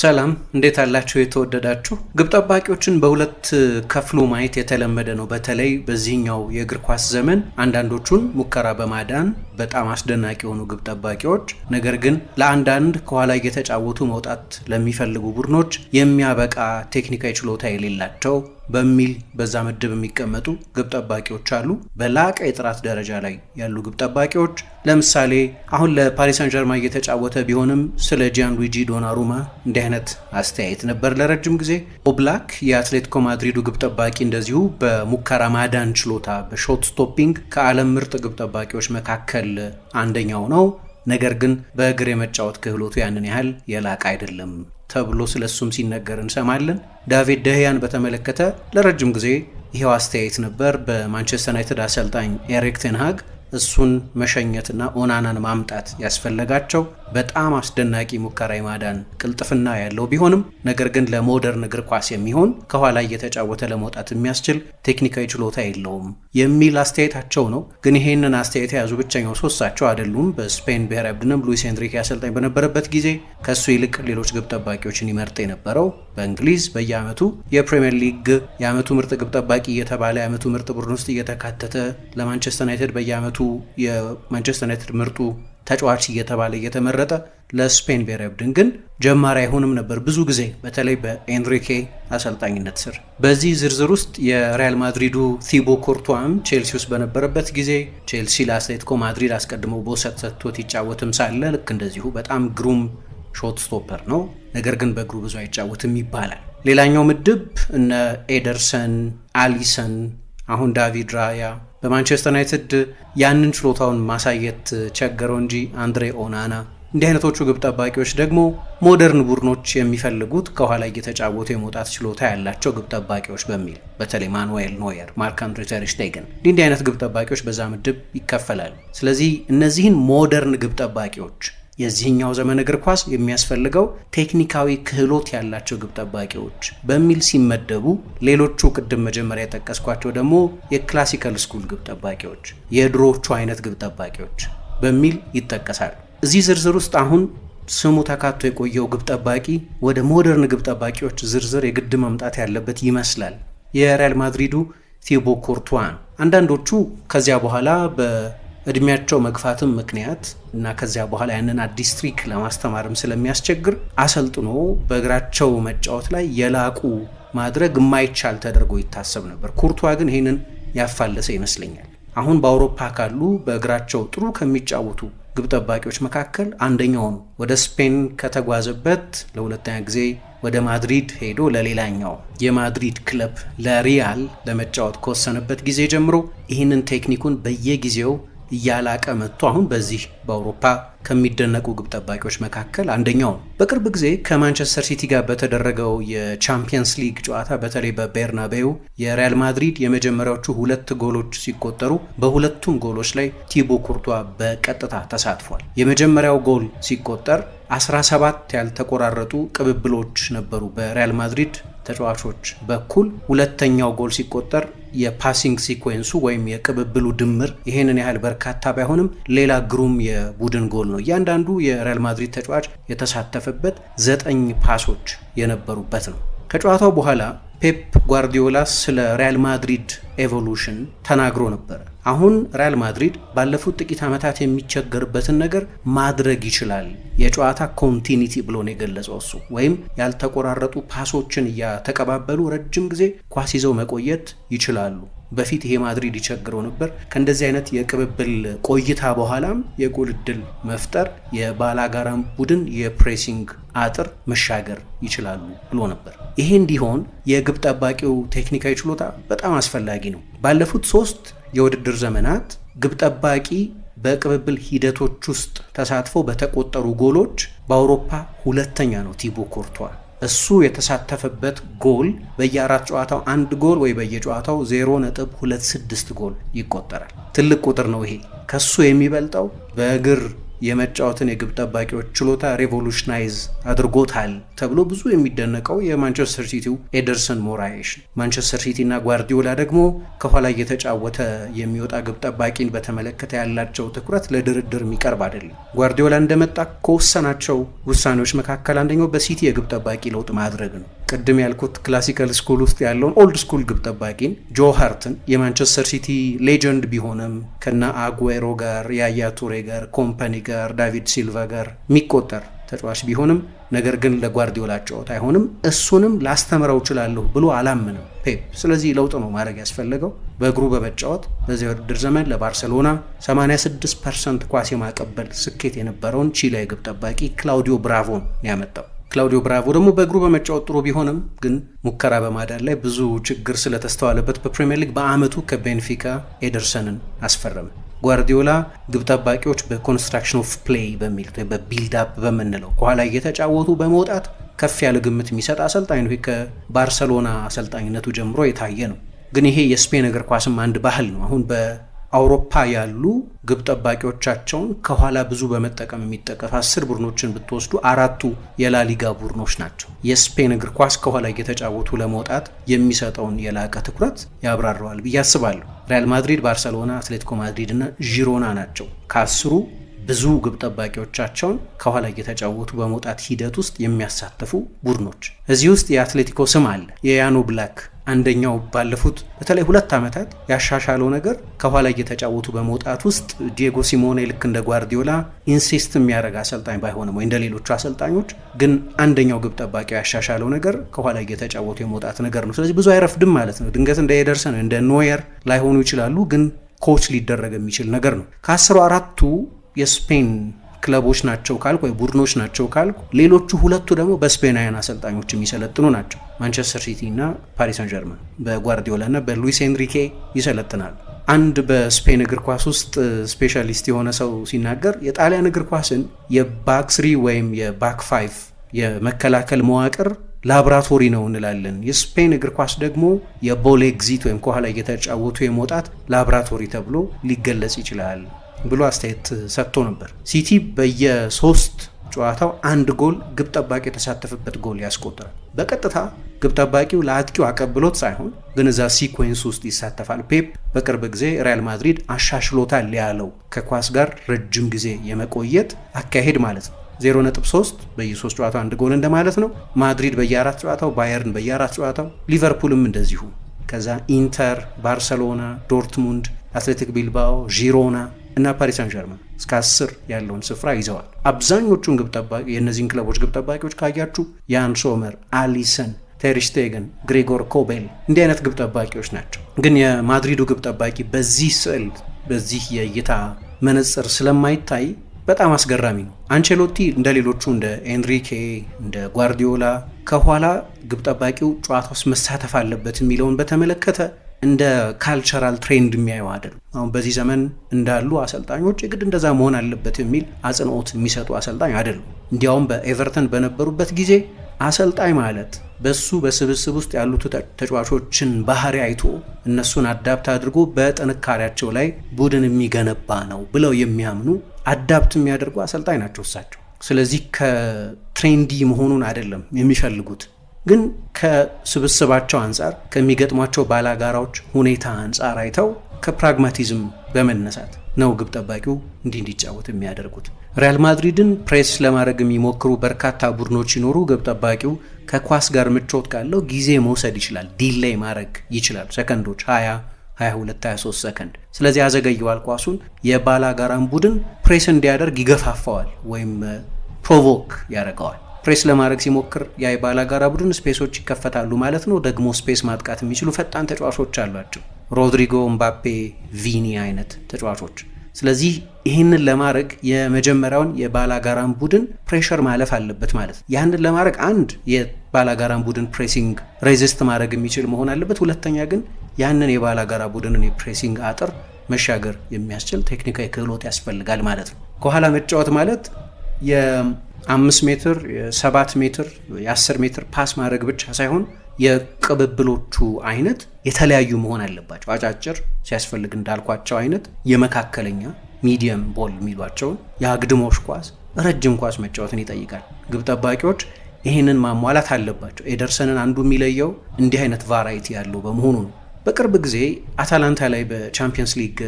ሰላም እንዴት አላችሁ? የተወደዳችሁ ግብ ጠባቂዎችን በሁለት ከፍሎ ማየት የተለመደ ነው። በተለይ በዚህኛው የእግር ኳስ ዘመን አንዳንዶቹን ሙከራ በማዳን በጣም አስደናቂ የሆኑ ግብ ጠባቂዎች፣ ነገር ግን ለአንዳንድ ከኋላ እየተጫወቱ መውጣት ለሚፈልጉ ቡድኖች የሚያበቃ ቴክኒካዊ ችሎታ የሌላቸው በሚል በዛ ምድብ የሚቀመጡ ግብ ጠባቂዎች አሉ። በላቀ የጥራት ደረጃ ላይ ያሉ ግብ ጠባቂዎች ለምሳሌ አሁን ለፓሪስ ሳን ጀርማ እየተጫወተ ቢሆንም ስለ ጂያን ሉዊጂ ዶናሩማ እንዲህ አይነት አስተያየት ነበር ለረጅም ጊዜ። ኦብላክ የአትሌቲኮ ማድሪዱ ግብ ጠባቂ እንደዚሁ በሙከራ ማዳን ችሎታ በሾት ስቶፒንግ ከዓለም ምርጥ ግብ ጠባቂዎች መካከል ያህል አንደኛው ነው። ነገር ግን በእግር የመጫወት ክህሎቱ ያንን ያህል የላቀ አይደለም ተብሎ ስለ እሱም ሲነገር እንሰማለን። ዳቪድ ደህያን በተመለከተ ለረጅም ጊዜ ይሄው አስተያየት ነበር። በማንቸስተር ዩናይትድ አሰልጣኝ ኤሪክ ቴንሃግ እሱን መሸኘትና ኦናናን ማምጣት ያስፈለጋቸው በጣም አስደናቂ ሙከራ የማዳን ቅልጥፍና ያለው ቢሆንም ነገር ግን ለሞደርን እግር ኳስ የሚሆን ከኋላ እየተጫወተ ለመውጣት የሚያስችል ቴክኒካዊ ችሎታ የለውም የሚል አስተያየታቸው ነው። ግን ይሄንን አስተያየት የያዙ ብቸኛው ሶስታቸው አይደሉም። በስፔን ብሔራዊ ቡድንም ሉዊስ ሄንሪክ አሰልጣኝ በነበረበት ጊዜ ከእሱ ይልቅ ሌሎች ግብ ጠባቂዎችን ይመርጥ የነበረው በእንግሊዝ በየአመቱ የፕሪምየር ሊግ የአመቱ ምርጥ ግብ ጠባቂ እየተባለ የአመቱ ምርጥ ቡድን ውስጥ እየተካተተ ለማንቸስተር ዩናይትድ በየአመቱ የማንቸስተር ዩናይትድ ምርጡ ተጫዋች እየተባለ እየተመረጠ ለስፔን ብሔራዊ ቡድን ግን ጀማሪ አይሆንም ነበር ብዙ ጊዜ በተለይ በኤንሪኬ አሰልጣኝነት ስር። በዚህ ዝርዝር ውስጥ የሪያል ማድሪዱ ቲቦ ኮርቷም ቼልሲ ውስጥ በነበረበት ጊዜ ቼልሲ ለአትሌቲኮ ማድሪድ አስቀድሞ በውሰት ሰጥቶት ይጫወትም ሳለ ልክ እንደዚሁ በጣም ግሩም ሾት ስቶፐር ነው፣ ነገር ግን በእግሩ ብዙ አይጫወትም ይባላል። ሌላኛው ምድብ እነ ኤደርሰን፣ አሊሰን አሁን ዳቪድ ራያ በማንቸስተር ዩናይትድ ያንን ችሎታውን ማሳየት ቸገረው እንጂ አንድሬ ኦናና እንዲህ አይነቶቹ ግብ ጠባቂዎች ደግሞ ሞደርን ቡድኖች የሚፈልጉት ከኋላ እየተጫወቱ የመውጣት ችሎታ ያላቸው ግብ ጠባቂዎች በሚል በተለይ ማኑኤል ኖየር፣ ማርክ አንድሬ ተር እንዲህ እንዲህ አይነት ግብ ጠባቂዎች በዛ ምድብ ይከፈላሉ። ስለዚህ እነዚህን ሞደርን ግብ ጠባቂዎች የዚህኛው ዘመን እግር ኳስ የሚያስፈልገው ቴክኒካዊ ክህሎት ያላቸው ግብ ጠባቂዎች በሚል ሲመደቡ፣ ሌሎቹ ቅድም መጀመሪያ የጠቀስኳቸው ደግሞ የክላሲካል ስኩል ግብ ጠባቂዎች፣ የድሮዎቹ አይነት ግብ ጠባቂዎች በሚል ይጠቀሳሉ። እዚህ ዝርዝር ውስጥ አሁን ስሙ ተካቶ የቆየው ግብ ጠባቂ ወደ ሞደርን ግብ ጠባቂዎች ዝርዝር የግድ መምጣት ያለበት ይመስላል። የሪያል ማድሪዱ ቲቦ ኮርቱዋ ነው። አንዳንዶቹ ከዚያ በኋላ በ እድሜያቸው መግፋትም ምክንያት እና ከዚያ በኋላ ያንን አዲስ ትሪክ ለማስተማርም ስለሚያስቸግር አሰልጥኖ በእግራቸው መጫወት ላይ የላቁ ማድረግ የማይቻል ተደርጎ ይታሰብ ነበር። ኩርቷ ግን ይህንን ያፋለሰ ይመስለኛል። አሁን በአውሮፓ ካሉ በእግራቸው ጥሩ ከሚጫወቱ ግብ ጠባቂዎች መካከል አንደኛው ነው። ወደ ስፔን ከተጓዘበት ለሁለተኛ ጊዜ ወደ ማድሪድ ሄዶ ለሌላኛው የማድሪድ ክለብ ለሪያል ለመጫወት ከወሰነበት ጊዜ ጀምሮ ይህንን ቴክኒኩን በየጊዜው እያላቀ መጥቶ አሁን በዚህ በአውሮፓ ከሚደነቁ ግብ ጠባቂዎች መካከል አንደኛው ነው። በቅርብ ጊዜ ከማንቸስተር ሲቲ ጋር በተደረገው የቻምፒየንስ ሊግ ጨዋታ በተለይ በቤርናቤው የሪያል ማድሪድ የመጀመሪያዎቹ ሁለት ጎሎች ሲቆጠሩ በሁለቱም ጎሎች ላይ ቲቦ ኩርቷ በቀጥታ ተሳትፏል። የመጀመሪያው ጎል ሲቆጠር 17 ያልተቆራረጡ ቅብብሎች ነበሩ በሪያል ማድሪድ ተጫዋቾች በኩል። ሁለተኛው ጎል ሲቆጠር የፓሲንግ ሲኮንሱ ወይም የቅብብሉ ድምር ይሄንን ያህል በርካታ ባይሆንም ሌላ ግሩም የቡድን ጎል ነው። እያንዳንዱ የሪያል ማድሪድ ተጫዋች የተሳተፈበት ዘጠኝ ፓሶች የነበሩበት ነው። ከጨዋታው በኋላ ፔፕ ጓርዲዮላ ስለ ሪያል ማድሪድ ኤቮሉሽን ተናግሮ ነበረ። አሁን ሪያል ማድሪድ ባለፉት ጥቂት ዓመታት የሚቸገርበትን ነገር ማድረግ ይችላል። የጨዋታ ኮንቲኒቲ ብሎ ነው የገለጸው እሱ። ወይም ያልተቆራረጡ ፓሶችን እያተቀባበሉ ረጅም ጊዜ ኳስ ይዘው መቆየት ይችላሉ። በፊት ይሄ ማድሪድ ይቸግረው ነበር። ከእንደዚህ አይነት የቅብብል ቆይታ በኋላም የጎል እድል መፍጠር፣ የባላጋራም ቡድን የፕሬሲንግ አጥር መሻገር ይችላሉ ብሎ ነበር። ይሄ እንዲሆን የግብ ጠባቂው ቴክኒካዊ ችሎታ በጣም አስፈላጊ ነው። ባለፉት ሶስት የውድድር ዘመናት ግብ ጠባቂ በቅብብል ሂደቶች ውስጥ ተሳትፎ በተቆጠሩ ጎሎች በአውሮፓ ሁለተኛ ነው ቲቦ ኮርቷ። እሱ የተሳተፈበት ጎል በየአራት ጨዋታው አንድ ጎል ወይ በየጨዋታው 0.26 ጎል ይቆጠራል። ትልቅ ቁጥር ነው ይሄ። ከሱ የሚበልጠው በእግር የመጫወትን የግብ ጠባቂዎች ችሎታ ሬቮሉሽናይዝ አድርጎታል ተብሎ ብዙ የሚደነቀው የማንቸስተር ሲቲው ኤደርሰን ሞራይሽ። ማንቸስተር ሲቲ ጓርዲዮላ ደግሞ ከኋላ እየተጫወተ የሚወጣ ግብ ጠባቂን በተመለከተ ያላቸው ትኩረት ለድርድር የሚቀርብ አይደለም። ጓርዲዮላ እንደመጣ ከወሰናቸው ውሳኔዎች መካከል አንደኛው በሲቲ የግብ ጠባቂ ለውጥ ማድረግ ነው። ቅድም ያልኩት ክላሲካል ስኩል ውስጥ ያለውን ኦልድ ስኩል ግብ ጠባቂን ጆ ሃርትን የማንቸስተር ሲቲ ሌጀንድ ቢሆንም ከና አጉዌሮ ጋር፣ ያያ ቱሬ ጋር፣ ኮምፓኒ ጋር፣ ዳቪድ ሲልቫ ጋር የሚቆጠር ተጫዋች ቢሆንም ነገር ግን ለጓርዲዮላ ጨዋታ አይሆንም፣ እሱንም ላስተምረው እችላለሁ ብሎ አላምንም ፔፕ። ስለዚህ ለውጥ ነው ማድረግ ያስፈለገው በእግሩ በመጫወት በዚያ ውድድር ዘመን ለባርሰሎና 86 ፐርሰንት ኳስ የማቀበል ስኬት የነበረውን ቺላ የግብ ጠባቂ ክላውዲዮ ብራቮን ያመጣው። ክላውዲዮ ብራቮ ደግሞ በእግሩ በመጫወት ጥሩ ቢሆንም ግን ሙከራ በማዳን ላይ ብዙ ችግር ስለተስተዋለበት በፕሪምየር ሊግ በዓመቱ ከቤንፊካ ኤደርሰንን አስፈረመ። ጓርዲዮላ ግብ ጠባቂዎች በኮንስትራክሽን ኦፍ ፕሌይ በሚል በቢልድ አፕ በምንለው ከኋላ እየተጫወቱ በመውጣት ከፍ ያለ ግምት የሚሰጥ አሰልጣኝ ነው። ከባርሰሎና አሰልጣኝነቱ ጀምሮ የታየ ነው። ግን ይሄ የስፔን እግር ኳስም አንድ ባህል ነው። አሁን አውሮፓ ያሉ ግብ ጠባቂዎቻቸውን ከኋላ ብዙ በመጠቀም የሚጠቀፍ አስር ቡድኖችን ብትወስዱ አራቱ የላሊጋ ቡድኖች ናቸው። የስፔን እግር ኳስ ከኋላ እየተጫወቱ ለመውጣት የሚሰጠውን የላቀ ትኩረት ያብራረዋል ብዬ አስባለሁ። ሪያል ማድሪድ፣ ባርሰሎና፣ አትሌቲኮ ማድሪድ እና ዢሮና ናቸው ከአስሩ ብዙ ግብ ጠባቂዎቻቸውን ከኋላ እየተጫወቱ በመውጣት ሂደት ውስጥ የሚያሳትፉ ቡድኖች። እዚህ ውስጥ የአትሌቲኮ ስም አለ። የያኑ ብላክ አንደኛው ባለፉት በተለይ ሁለት ዓመታት ያሻሻለው ነገር ከኋላ እየተጫወቱ በመውጣት ውስጥ ዲየጎ ሲሞኔ ልክ እንደ ጓርዲዮላ ኢንሲስት የሚያደርግ አሰልጣኝ ባይሆንም ወይ እንደ ሌሎቹ አሰልጣኞች ግን አንደኛው ግብ ጠባቂ ያሻሻለው ነገር ከኋላ እየተጫወቱ የመውጣት ነገር ነው። ስለዚህ ብዙ አይረፍድም ማለት ነው። ድንገት እንደየደርሰ ነው እንደ ኖየር ላይሆኑ ይችላሉ፣ ግን ኮች ሊደረግ የሚችል ነገር ነው። ከአስሩ አራቱ የስፔን ክለቦች ናቸው ካልኩ ወይ ቡድኖች ናቸው ካልኩ ሌሎቹ ሁለቱ ደግሞ በስፔናውያን አሰልጣኞች የሚሰለጥኑ ናቸው። ማንቸስተር ሲቲ እና ፓሪስ ሳን ጀርመን በጓርዲዮላ እና በሉዊስ ኤንሪኬ ይሰለጥናል። አንድ በስፔን እግር ኳስ ውስጥ ስፔሻሊስት የሆነ ሰው ሲናገር የጣሊያን እግር ኳስን የባክስሪ ወይም የባክ ፋይቭ የመከላከል መዋቅር ላብራቶሪ ነው እንላለን። የስፔን እግር ኳስ ደግሞ የቦል ኤግዚት ወይም ከኋላ እየተጫወቱ የመውጣት ላብራቶሪ ተብሎ ሊገለጽ ይችላል። ብሎ አስተያየት ሰጥቶ ነበር። ሲቲ በየሶስት ጨዋታው አንድ ጎል ግብ ጠባቂ የተሳተፈበት ጎል ያስቆጥራል። በቀጥታ ግብ ጠባቂው ለአጥቂው አቀብሎት ሳይሆን ግን እዛ ሲኮንስ ውስጥ ይሳተፋል። ፔፕ በቅርብ ጊዜ ሪያል ማድሪድ አሻሽሎታል ያለው ከኳስ ጋር ረጅም ጊዜ የመቆየት አካሄድ ማለት ነው። 0.3 በየ3 ጨዋታው አንድ ጎል እንደማለት ነው። ማድሪድ በየአራት ጨዋታው፣ ባየርን በየአራት ጨዋታው፣ ሊቨርፑልም እንደዚሁ። ከዛ ኢንተር፣ ባርሰሎና፣ ዶርትሙንድ፣ አትሌቲክ ቢልባኦ፣ ዢሮና እና ፓሪስ ሳን ዠርመን እስከ አስር ያለውን ስፍራ ይዘዋል። አብዛኞቹን ግብ ጠባቂ የእነዚህን ክለቦች ግብ ጠባቂዎች ካያችሁ ያን ሶመር፣ አሊሰን፣ ቴርሽቴገን፣ ግሬጎር ኮቤል እንዲህ አይነት ግብ ጠባቂዎች ናቸው። ግን የማድሪዱ ግብ ጠባቂ በዚህ ስዕል በዚህ የእይታ መነጽር ስለማይታይ በጣም አስገራሚ ነው። አንቸሎቲ እንደ ሌሎቹ እንደ ኤንሪኬ እንደ ጓርዲዮላ ከኋላ ግብ ጠባቂው ጨዋታ ውስጥ መሳተፍ አለበት የሚለውን በተመለከተ እንደ ካልቸራል ትሬንድ የሚያዩ አይደሉም። አሁን በዚህ ዘመን እንዳሉ አሰልጣኞች የግድ እንደዛ መሆን አለበት የሚል አጽንኦት የሚሰጡ አሰልጣኝ አይደሉም። እንዲያውም በኤቨርተን በነበሩበት ጊዜ አሰልጣኝ ማለት በሱ በስብስብ ውስጥ ያሉት ተጫዋቾችን ባህሪ አይቶ እነሱን አዳፕት አድርጎ በጥንካሬያቸው ላይ ቡድን የሚገነባ ነው ብለው የሚያምኑ አዳፕት የሚያደርጉ አሰልጣኝ ናቸው እሳቸው። ስለዚህ ከትሬንዲ መሆኑን አይደለም የሚፈልጉት ግን ከስብስባቸው አንጻር ከሚገጥሟቸው ባላጋራዎች ሁኔታ አንጻር አይተው ከፕራግማቲዝም በመነሳት ነው ግብ ጠባቂው እንዲህ እንዲጫወት የሚያደርጉት። ሪያል ማድሪድን ፕሬስ ለማድረግ የሚሞክሩ በርካታ ቡድኖች ሲኖሩ ግብ ጠባቂው ከኳስ ጋር ምቾት ካለው ጊዜ መውሰድ ይችላል፣ ዲሌይ ማድረግ ይችላል። ሰከንዶች 20 22 23 ሰከንድ። ስለዚህ ያዘገየዋል ኳሱን። የባላጋራን ቡድን ፕሬስ እንዲያደርግ ይገፋፋዋል ወይም ፕሮቮክ ያደርገዋል። ፕሬስ ለማድረግ ሲሞክር ያ የባላጋራ ቡድን ስፔሶች ይከፈታሉ ማለት ነው። ደግሞ ስፔስ ማጥቃት የሚችሉ ፈጣን ተጫዋቾች አሏቸው፣ ሮድሪጎ፣ ምባፔ፣ ቪኒ አይነት ተጫዋቾች። ስለዚህ ይህንን ለማድረግ የመጀመሪያውን የባላጋራን ቡድን ፕሬሸር ማለፍ አለበት ማለት ነው። ያንን ለማድረግ አንድ የባላጋራን ቡድን ፕሬሲንግ ሬዚስት ማድረግ የሚችል መሆን አለበት። ሁለተኛ ግን ያንን የባላጋራ ቡድንን የፕሬሲንግ አጥር መሻገር የሚያስችል ቴክኒካዊ ክህሎት ያስፈልጋል ማለት ነው። ከኋላ መጫወት ማለት የአምስት ሜትር የሰባት ሜትር የአስር ሜትር ፓስ ማድረግ ብቻ ሳይሆን የቅብብሎቹ አይነት የተለያዩ መሆን አለባቸው። አጫጭር ሲያስፈልግ እንዳልኳቸው አይነት የመካከለኛ ሚዲየም ቦል የሚሏቸውን የአግድሞሽ ኳስ፣ ረጅም ኳስ መጫወትን ይጠይቃል። ግብ ጠባቂዎች ይህንን ማሟላት አለባቸው። ኤደርሰንን አንዱ የሚለየው እንዲህ አይነት ቫራይቲ ያለው በመሆኑ ነው። በቅርብ ጊዜ አታላንታ ላይ በቻምፒየንስ ሊግ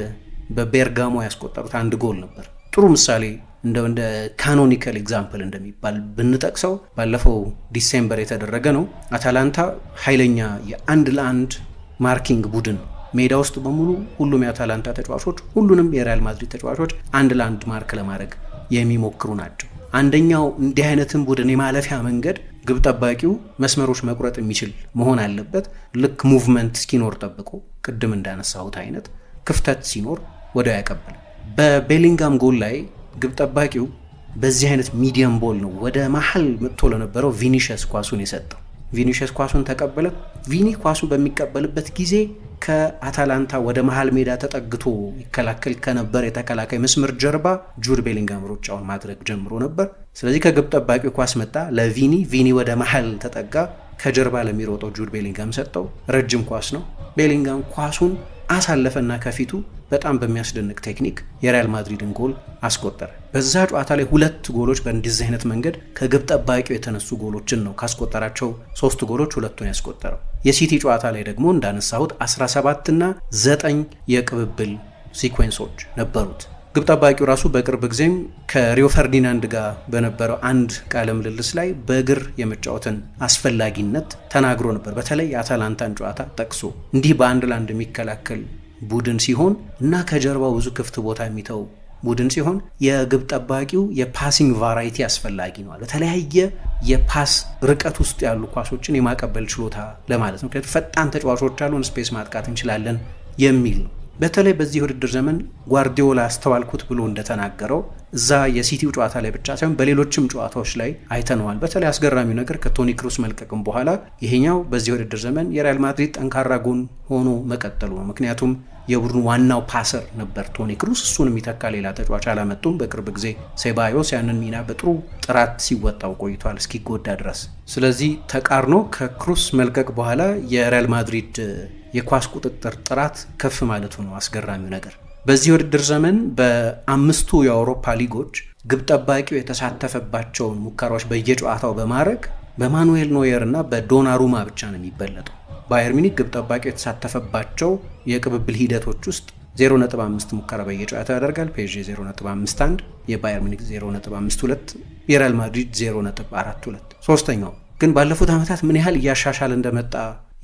በቤርጋሞ ያስቆጠሩት አንድ ጎል ነበር ጥሩ ምሳሌ እንደ እንደ ካኖኒካል ኤግዛምፕል እንደሚባል ብንጠቅሰው ባለፈው ዲሴምበር የተደረገ ነው። አታላንታ ኃይለኛ የአንድ ለአንድ ማርኪንግ ቡድን ሜዳ ውስጥ በሙሉ ሁሉም የአታላንታ ተጫዋቾች ሁሉንም የሪያል ማድሪድ ተጫዋቾች አንድ ለአንድ ማርክ ለማድረግ የሚሞክሩ ናቸው። አንደኛው እንዲህ አይነትን ቡድን የማለፊያ መንገድ ግብ ጠባቂው መስመሮች መቁረጥ የሚችል መሆን አለበት። ልክ ሙቭመንት እስኪኖር ጠብቆ ቅድም እንዳነሳሁት አይነት ክፍተት ሲኖር ወዲያው ያቀብል። በቤሊንጋም ጎል ላይ ግብ ጠባቂው በዚህ አይነት ሚዲየም ቦል ነው ወደ መሀል መጥቶ ለነበረው ቪኒሸስ ኳሱን የሰጠው። ቪኒሸስ ኳሱን ተቀበለ። ቪኒ ኳሱ በሚቀበልበት ጊዜ ከአታላንታ ወደ መሀል ሜዳ ተጠግቶ ይከላከል ከነበር የተከላካይ መስመር ጀርባ ጁድ ቤሊንጋም ሩጫውን ማድረግ ጀምሮ ነበር። ስለዚህ ከግብ ጠባቂው ኳስ መጣ ለቪኒ፣ ቪኒ ወደ መሀል ተጠጋ። ከጀርባ ለሚሮጠው ጁድ ቤሊንጋም ሰጠው። ረጅም ኳስ ነው። ቤሊንጋም ኳሱን አሳለፈና ከፊቱ በጣም በሚያስደንቅ ቴክኒክ የሪያል ማድሪድን ጎል አስቆጠረ። በዛ ጨዋታ ላይ ሁለት ጎሎች በእንዲዚህ አይነት መንገድ ከግብ ጠባቂው የተነሱ ጎሎችን ነው። ካስቆጠራቸው ሶስት ጎሎች ሁለቱን ያስቆጠረው። የሲቲ ጨዋታ ላይ ደግሞ እንዳነሳሁት 17ና 9 የቅብብል ሲኩዌንሶች ነበሩት። ግብ ጠባቂው ራሱ በቅርብ ጊዜም ከሪዮ ፈርዲናንድ ጋር በነበረው አንድ ቃለ ምልልስ ላይ በእግር የመጫወትን አስፈላጊነት ተናግሮ ነበር። በተለይ የአታላንታን ጨዋታ ጠቅሶ እንዲህ በአንድ ለአንድ የሚከላከል ቡድን ሲሆን እና ከጀርባው ብዙ ክፍት ቦታ የሚተው ቡድን ሲሆን የግብ ጠባቂው የፓሲንግ ቫራይቲ አስፈላጊ ነው። በተለያየ የፓስ ርቀት ውስጥ ያሉ ኳሶችን የማቀበል ችሎታ ለማለት ነው። ምክንያቱም ፈጣን ተጫዋቾች አሉን፣ ስፔስ ማጥቃት እንችላለን የሚል ነው። በተለይ በዚህ ውድድር ዘመን ጓርዲዮላ አስተዋልኩት ብሎ እንደተናገረው እዛ የሲቲው ጨዋታ ላይ ብቻ ሳይሆን በሌሎችም ጨዋታዎች ላይ አይተነዋል። በተለይ አስገራሚው ነገር ከቶኒ ክሩስ መልቀቅም በኋላ ይሄኛው በዚህ ውድድር ዘመን የሪያል ማድሪድ ጠንካራ ጎን ሆኖ መቀጠሉ ነው። ምክንያቱም የቡድኑ ዋናው ፓሰር ነበር ቶኒ ክሩስ። እሱን የሚተካ ሌላ ተጫዋች አላመጡም። በቅርብ ጊዜ ሴባዮስ ያንን ሚና በጥሩ ጥራት ሲወጣው ቆይቷል እስኪጎዳ ድረስ። ስለዚህ ተቃርኖ ከክሩስ መልቀቅ በኋላ የሪያል ማድሪድ የኳስ ቁጥጥር ጥራት ከፍ ማለቱ ነው አስገራሚው ነገር። በዚህ ውድድር ዘመን በአምስቱ የአውሮፓ ሊጎች ግብ ጠባቂው የተሳተፈባቸውን ሙከራዎች በየጨዋታው በማድረግ በማኑኤል ኖየር እና በዶናሩማ ብቻ ነው የሚበለጠው። ባየር ሚኒክ ግብ ጠባቂው የተሳተፈባቸው የቅብብል ሂደቶች ውስጥ 0.5 ሙከራ በየጨዋታው ያደርጋል። ፔዥ 0.51፣ የባየር ሚኒክ 0.52፣ የሪያል ማድሪድ 0.42። ሶስተኛው ግን ባለፉት ዓመታት ምን ያህል እያሻሻለ እንደመጣ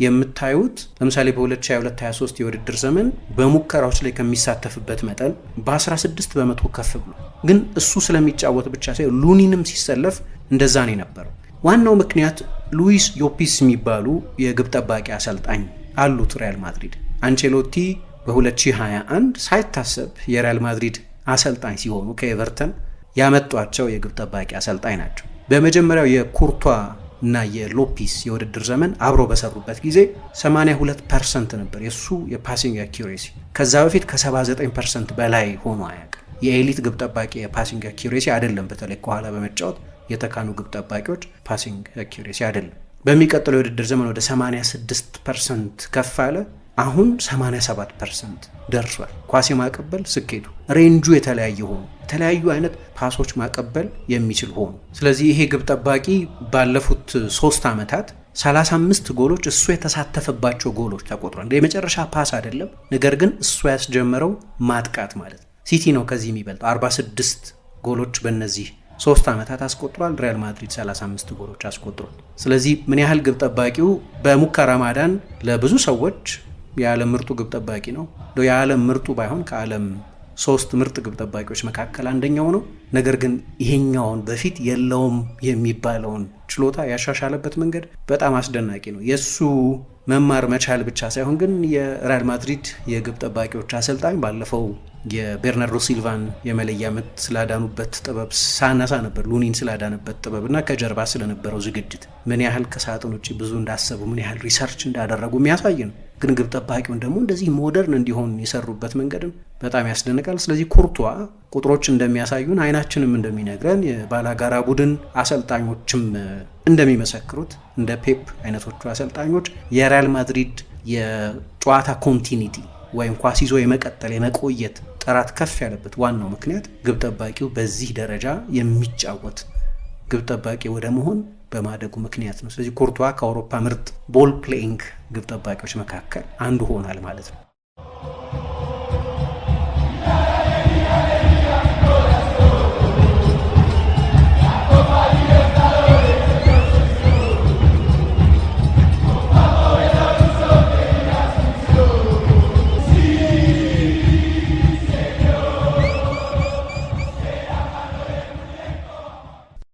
የምታዩት ለምሳሌ በ2022/23 የውድድር ዘመን በሙከራዎች ላይ ከሚሳተፍበት መጠን በ16 በመቶ ከፍ ብሎ ግን እሱ ስለሚጫወት ብቻ ሳይሆን ሉኒንም ሲሰለፍ እንደዛ ነው የነበረው። ዋናው ምክንያት ሉዊስ ዮፒስ የሚባሉ የግብ ጠባቂ አሰልጣኝ አሉት ሪያል ማድሪድ። አንቼሎቲ በ2021 ሳይታሰብ የሪያል ማድሪድ አሰልጣኝ ሲሆኑ ከኤቨርተን ያመጧቸው የግብ ጠባቂ አሰልጣኝ ናቸው። በመጀመሪያው የኩርቷ እና የሎፒስ የውድድር ዘመን አብሮ በሰሩበት ጊዜ 82 ፐርሰንት ነበር የእሱ የፓሲንግ አኪሬሲ። ከዛ በፊት ከ79 ፐርሰንት በላይ ሆኖ አያውቅም። የኤሊት ግብ ጠባቂ የፓሲንግ አኪሬሲ አይደለም። በተለይ ከኋላ በመጫወት የተካኑ ግብ ጠባቂዎች ፓሲንግ አኪሬሲ አይደለም። በሚቀጥለው የውድድር ዘመን ወደ 86 ፐርሰንት ከፍ አለ። አሁን 87 ፐርሰንት ደርሷል። ኳስ ማቀበል ስኬቱ ሬንጁ የተለያየ ሆኑ፣ የተለያዩ አይነት ፓሶች ማቀበል የሚችል ሆኑ። ስለዚህ ይሄ ግብ ጠባቂ ባለፉት ሶስት ዓመታት 35 ጎሎች እሱ የተሳተፈባቸው ጎሎች ተቆጥሯል። የመጨረሻ ፓስ አይደለም፣ ነገር ግን እሱ ያስጀመረው ማጥቃት ማለት ነው። ሲቲ ነው ከዚህ የሚበልጠው 46 ጎሎች በእነዚህ ሶስት ዓመታት አስቆጥሯል። ሪያል ማድሪድ 35 ጎሎች አስቆጥሯል። ስለዚህ ምን ያህል ግብ ጠባቂው በሙከራ ማዳን ለብዙ ሰዎች የዓለም ምርጡ ግብ ጠባቂ ነው። የዓለም ምርጡ ባይሆን ከዓለም ሶስት ምርጥ ግብ ጠባቂዎች መካከል አንደኛው ነው። ነገር ግን ይሄኛውን በፊት የለውም የሚባለውን ችሎታ ያሻሻለበት መንገድ በጣም አስደናቂ ነው። የእሱ መማር መቻል ብቻ ሳይሆን ግን የሪያል ማድሪድ የግብ ጠባቂዎች አሰልጣኝ ባለፈው የቤርናርዶ ሲልቫን የመለያ ምት ስላዳኑበት ጥበብ ሳነሳ ነበር። ሉኒን ስላዳነበት ጥበብ እና ከጀርባ ስለነበረው ዝግጅት ምን ያህል ከሳጥን ውጭ ብዙ እንዳሰቡ ምን ያህል ሪሰርች እንዳደረጉ የሚያሳይ ነው። ግን ግብ ጠባቂውን ደግሞ እንደዚህ ሞደርን እንዲሆን የሰሩበት መንገድም በጣም ያስደንቃል። ስለዚህ ኩርቷ ቁጥሮች እንደሚያሳዩን አይናችንም እንደሚነግረን የባላጋራ ቡድን አሰልጣኞችም እንደሚመሰክሩት እንደ ፔፕ አይነቶቹ አሰልጣኞች የሪያል ማድሪድ የጨዋታ ኮንቲኒቲ ወይም ኳስ ይዞ የመቀጠል የመቆየት ጥራት ከፍ ያለበት ዋናው ምክንያት ግብ ጠባቂው በዚህ ደረጃ የሚጫወት ግብ ጠባቂ ወደ መሆን በማደጉ ምክንያት ነው። ስለዚህ ኮርቷ ከአውሮፓ ምርጥ ቦል ፕሌይንግ ግብ ጠባቂዎች መካከል አንዱ ሆናል ማለት ነው።